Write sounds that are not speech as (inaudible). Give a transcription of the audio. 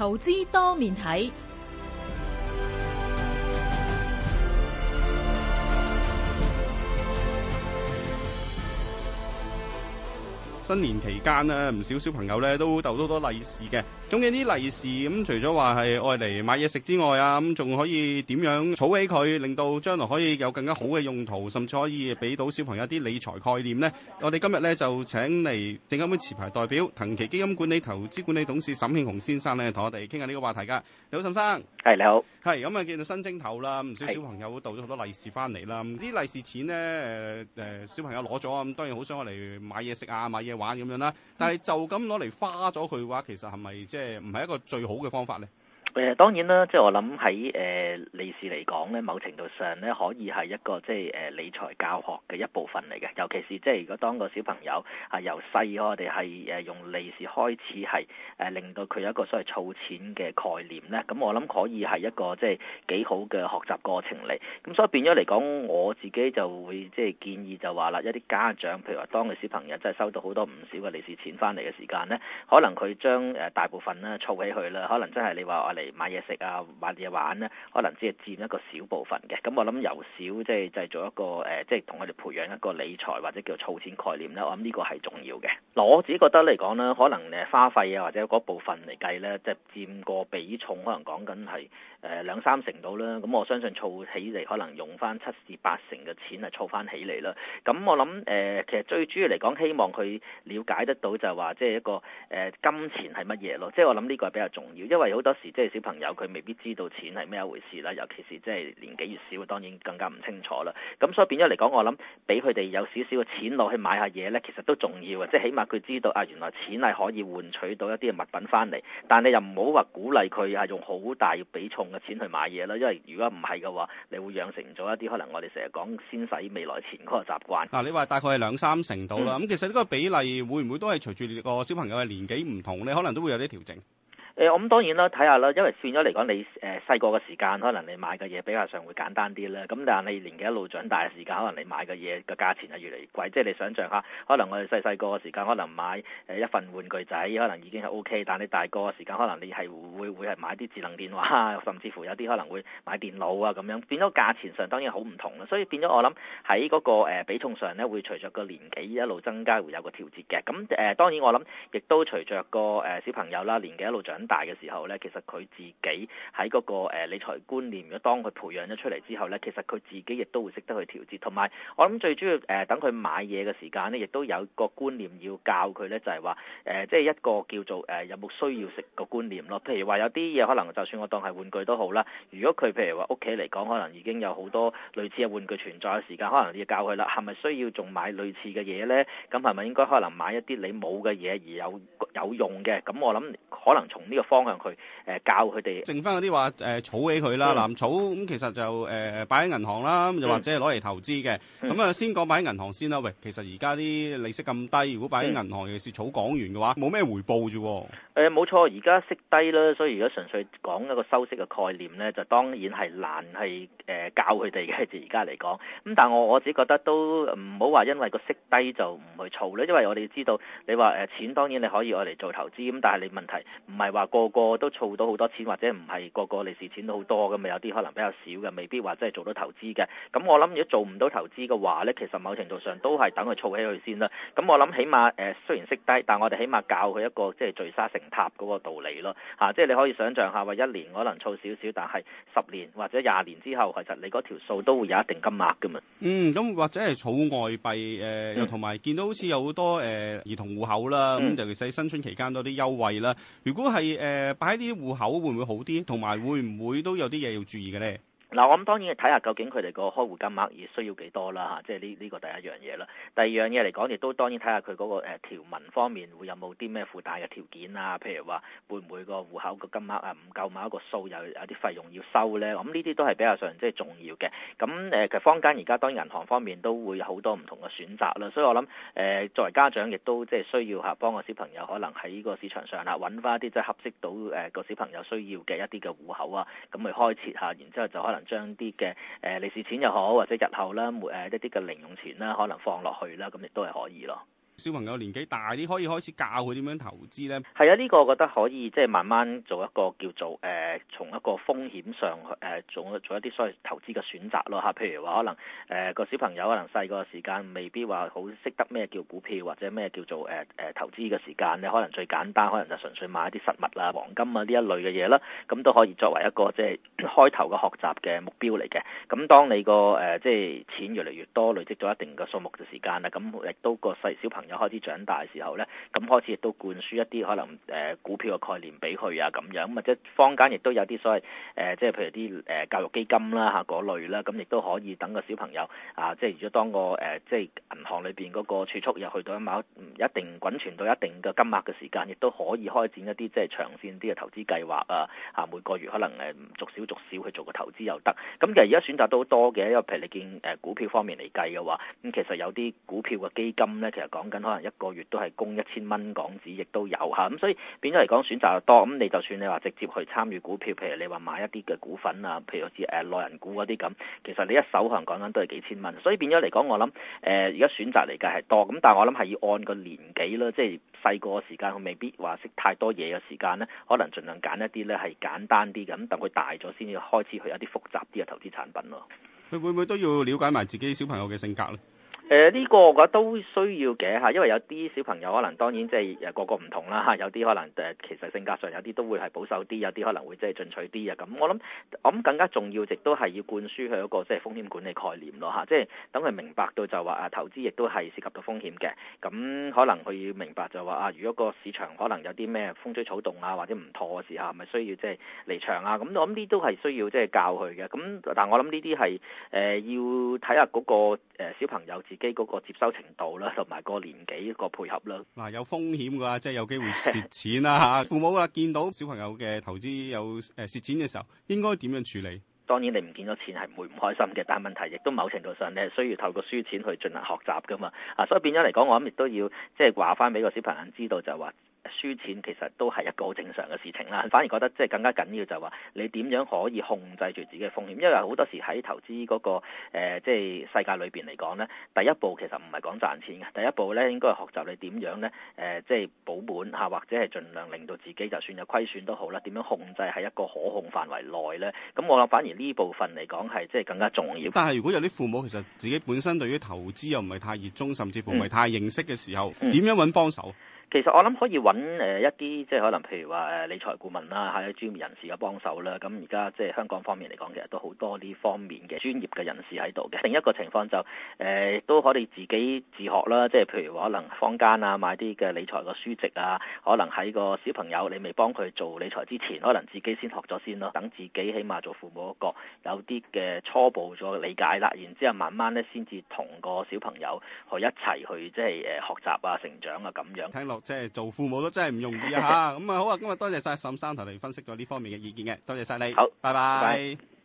投資多面睇。新年期間咧，唔少小朋友咧都逗咗多利是嘅。咁嘅啲利是咁，除咗話係愛嚟買嘢食之外啊，咁仲可以點樣儲起佢，令到將來可以有更加好嘅用途，甚至可以俾到小朋友啲理財概念呢？我哋今日咧就請嚟證監會持牌代表騰奇基金管理投資管理董事沈慶雄先生咧，同我哋傾下呢個話題噶。你好，沈生，係你好，係咁啊！見到新正頭啦，唔少小朋友都逗咗好多利是翻嚟啦。啲利是錢呢，誒誒，小朋友攞咗咁當然好想我嚟買嘢食啊，買嘢。玩咁樣啦，但係就咁攞嚟花咗佢嘅話，其實係咪即係唔係一個最好嘅方法咧？誒當然啦，即係我諗喺誒利是嚟講咧，某程度上咧可以係一個即係誒理財教學嘅一部分嚟嘅，尤其是即係如果當個小朋友係由細我哋係誒用利是開始係誒令到佢有一個所謂儲錢嘅概念咧，咁我諗可以係一個即係幾好嘅學習過程嚟。咁所以變咗嚟講，我自己就會即係建議就話啦，一啲家長譬如話當個小朋友真係收到好多唔少嘅利是錢翻嚟嘅時間咧，可能佢將大部分咧儲起去啦，可能真係你話嚟買嘢食啊，買嘢玩咧，可能只係佔一個小部分嘅。咁我諗由少即係製造一個誒，即係同我哋培養一個理財或者叫儲錢概念咧。我諗呢個係重要嘅。嗱，我自己覺得嚟講咧，可能誒花費啊或者嗰部分嚟計咧，即係佔個比重可能講緊係誒兩三成度啦。咁我相信儲起嚟可能用翻七至八成嘅錢啊，儲翻起嚟啦。咁我諗誒，其實最主要嚟講，希望佢瞭解得到就話即係一個誒金錢係乜嘢咯。即係我諗呢個係比較重要，因為好多時即係。小朋友佢未必知道錢係咩一回事啦，尤其是即係年紀越少，當然更加唔清楚啦。咁所以變咗嚟講，我諗俾佢哋有少少嘅錢落去買下嘢呢，其實都重要啊！即係起碼佢知道啊，原來錢係可以換取到一啲物品翻嚟。但你又唔好話鼓勵佢係用好大比重嘅錢去買嘢啦，因為如果唔係嘅話，你會養成咗一啲可能我哋成日講先使未來錢嗰個習慣。嗱、啊，你話大概係兩三成度啦。咁、嗯、其實呢個比例會唔會都係隨住你個小朋友嘅年紀唔同，你可能都會有啲調整？誒，我咁當然啦，睇下啦，因為算咗嚟講，你誒細個嘅時間，可能你買嘅嘢比較上會簡單啲啦。咁但係你年紀一路長大嘅時間，可能你買嘅嘢嘅價錢係越嚟越貴。即係你想象下，可能我哋細細個嘅時間，可能買誒一份玩具仔，可能已經係 OK。但係你大個嘅時間，可能你係會會係買啲智能電話，甚至乎有啲可能會買電腦啊咁樣，變咗價錢上當然好唔同啦。所以變咗我諗喺嗰個、呃、比重上咧，會隨着個年紀一路增加，會有個調節嘅。咁誒、呃、當然我諗，亦都隨着個誒、呃、小朋友啦，年紀一路長大嘅時候咧，其實佢自己喺嗰個誒理財觀念，如果當佢培養咗出嚟之後咧，其實佢自己亦都會識得去調節。同埋我諗最主要誒、呃、等佢買嘢嘅時間咧，亦都有一個觀念要教佢咧、呃，就係話誒即係一個叫做誒、呃、有冇需要食個觀念咯。譬如話有啲嘢可能就算我當係玩具都好啦。如果佢譬如話屋企嚟講可能已經有好多類似嘅玩具存在嘅時間，可能要教佢啦，係咪需要仲買類似嘅嘢咧？咁係咪應該可能買一啲你冇嘅嘢而有有用嘅？咁我諗可能從呢個方向去誒教佢哋，剩翻嗰啲話誒儲起佢啦，嗱儲咁其實就誒擺喺銀行啦，又或者攞嚟投資嘅。咁、嗯、啊、嗯、先講擺喺銀行先啦。喂，其實而家啲利息咁低，如果擺喺銀行，尤其是儲港元嘅話，冇咩回報啫、啊呃。誒冇錯，而家息低啦，所以而家純粹講一個收息嘅概念咧，就當然係難係誒教佢哋嘅。而家嚟講，咁但係我我只覺得都唔好話，因為個息低就唔去儲咧，因為我哋知道你話誒錢當然你可以攞嚟做投資，咁但係你問題唔係話。啊！個個都儲到好多錢，或者唔係個個利是錢都好多咁咪有啲可能比較少嘅，未必話真係做到投資嘅。咁我諗，如果做唔到投資嘅話呢，其實某程度上都係等佢儲起佢先啦。咁我諗，起碼誒雖然息低，但我哋起碼教佢一個即係聚沙成塔嗰個道理咯。嚇、啊，即係你可以想像下，話一年可能儲少少，但係十年或者廿年之後，其實你嗰條數都會有一定金額㗎嘛。嗯，咁或者係儲外幣誒、呃嗯，又同埋見到好似有好多誒、呃、兒童戶口啦。尤其喺新春期間多啲優惠啦。如果係誒擺啲戶口會唔會好啲？同埋會唔會都有啲嘢要注意嘅咧？嗱，我諗當然睇下究竟佢哋個開戶金額要需要幾多啦吓，即係呢呢個第一樣嘢啦。第二樣嘢嚟講，亦都當然睇下佢嗰個誒條文方面會有冇啲咩附帶嘅條件啊，譬如話會唔會個戶口個金額啊唔夠某一個數有有啲費用要收呢。我諗呢啲都係比較上即係重要嘅。咁誒，其實坊間而家當然銀行方面都會有好多唔同嘅選擇啦，所以我諗誒作為家長亦都即係需要吓幫個小朋友可能喺個市場上啦搵返一啲即係合適到誒個小朋友需要嘅一啲嘅戶口啊，咁去開設下，然之後就可能。將啲嘅誒利是錢又好，或者日後啦，沒、呃、誒一啲嘅零用錢啦，可能放落去啦，咁亦都係可以咯。小朋友年紀大啲，可以開始教佢點樣投資咧？係啊，呢、這個我覺得可以即係慢慢做一個叫做誒從、呃、一個風險上去誒、呃、做做一啲所謂投資嘅選擇咯吓，譬如話可能誒個、呃、小朋友可能細個時間未必話好識得咩叫股票或者咩叫做誒誒、呃、投資嘅時間，咧，可能最簡單可能就純粹買一啲實物啊、黃金啊呢一類嘅嘢啦，咁都可以作為一個即係開頭嘅學習嘅目標嚟嘅。咁當你個誒、呃、即係錢越嚟越多，累積咗一定嘅數目嘅時間啦，咁亦都個細小朋友。有開始長大嘅時候咧，咁開始亦都灌輸一啲可能誒股票嘅概念俾佢啊，咁樣咁啊，即係坊間亦都有啲所謂誒，即、呃、係譬如啲誒教育基金啦嚇嗰類啦，咁亦都可以等個小朋友啊，即係如果當個誒即係銀行裏邊嗰個儲蓄又去到一某一定滾存到一定嘅金額嘅時間，亦都可以開展一啲即係長線啲嘅投資計劃啊，啊每個月可能誒逐少逐少去做個投資又得。咁其實而家選擇都好多嘅，因為譬如你見誒、啊、股票方面嚟計嘅話，咁、嗯、其實有啲股票嘅基金咧，其實講緊。可能一個月都係供一千蚊港紙，亦都有嚇，咁所以變咗嚟講選擇又多。咁你就算你話直接去參與股票，譬如你話買一啲嘅股份啊，譬如好似誒內人股內銀股嗰啲咁，其實你一手可能講緊都係幾千蚊。所以變咗嚟講，我諗誒而家選擇嚟計係多。咁但係我諗係要按個年紀咯，即係細個時間佢未必話識太多嘢嘅時間咧，可能儘量揀一啲咧係簡單啲咁，等佢大咗先至開始去一啲複雜啲嘅投資產品咯。佢會唔會都要了解埋自己小朋友嘅性格咧？誒、這、呢個我覺得都需要嘅嚇，因為有啲小朋友可能當然即係誒個個唔同啦嚇，有啲可能誒其實性格上有啲都會係保守啲，有啲可能會即係進取啲啊。咁我諗我諗更加重要，亦都係要灌輸佢一個即係風險管理概念咯嚇，即係等佢明白到就話啊投資亦都係涉及到風險嘅，咁可能佢要明白就話啊，如果個市場可能有啲咩風吹草動啊或者唔妥嘅時候，咪需要即係離場啊。咁我諗呢都係需要即係教佢嘅。咁但係我諗呢啲係誒要睇下嗰個誒小朋友自。機嗰個接收程度啦，同埋個年紀個配合啦。嗱、啊，有風險㗎，即係有機會蝕錢啦。嚇， (laughs) 父母啊，見到小朋友嘅投資有誒蝕錢嘅時候，應該點樣處理？當然你唔見咗錢係唔會唔開心嘅，但係問題亦都某程度上咧需要透過輸錢去進行學習㗎嘛。啊，所以變咗嚟講，我諗亦都要即係話翻俾個小朋友知道就話。輸錢其實都係一個好正常嘅事情啦，反而覺得即係更加緊要就係話你點樣可以控制住自己嘅風險，因為好多時喺投資嗰、那個誒、呃、即係世界裏邊嚟講呢，第一步其實唔係講賺錢嘅，第一步呢應該係學習你點樣呢，誒、呃、即係保本吓，或者係盡量令到自己就算有虧損都好啦，點樣控制喺一個可控範圍內呢。咁我諗反而呢部分嚟講係即係更加重要。但係如果有啲父母其實自己本身對於投資又唔係太熱衷，甚至乎唔係太認識嘅時候，點、嗯嗯、樣揾幫手？其實我諗可以揾誒一啲即係可能譬如話誒理財顧問啦，或者專業人士嘅幫手啦。咁而家即係香港方面嚟講，其實都好多呢方面嘅專業嘅人士喺度嘅。另一個情況就誒、呃、都可以自己自學啦，即係譬如話可能坊間啊買啲嘅理財嘅書籍啊，可能喺個小朋友你未幫佢做理財之前，可能自己先學咗先咯。等自己起碼做父母一個有啲嘅初步咗理解啦，然之後慢慢咧先至同個小朋友去一齊去即係誒學習啊成長啊咁樣。聽落。即係做父母都真係唔容易啊！嚇、 (laughs) 啊，咁啊好啊，今日多謝曬沈生同你分析咗呢方面嘅意見嘅，多謝曬你，好，拜拜。拜拜拜拜。